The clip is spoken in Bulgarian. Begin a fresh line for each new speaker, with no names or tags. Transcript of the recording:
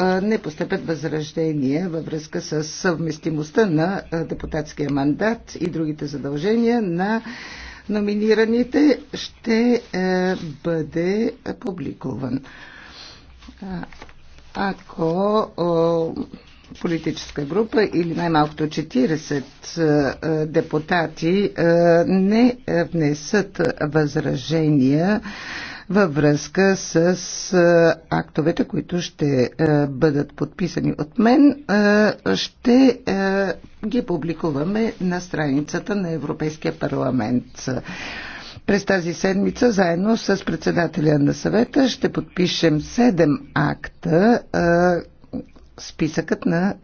не постъпят възраждения във връзка с съвместимостта на депутатския мандат и другите задължения на номинираните, ще бъде публикуван. Ако политическа група или най-малкото 40 депутати не внесат възражения, във връзка с актовете, които ще бъдат подписани от мен. Ще ги публикуваме на страницата на Европейския парламент. През тази седмица, заедно с председателя на съвета, ще подпишем 7 акта,
списъкът на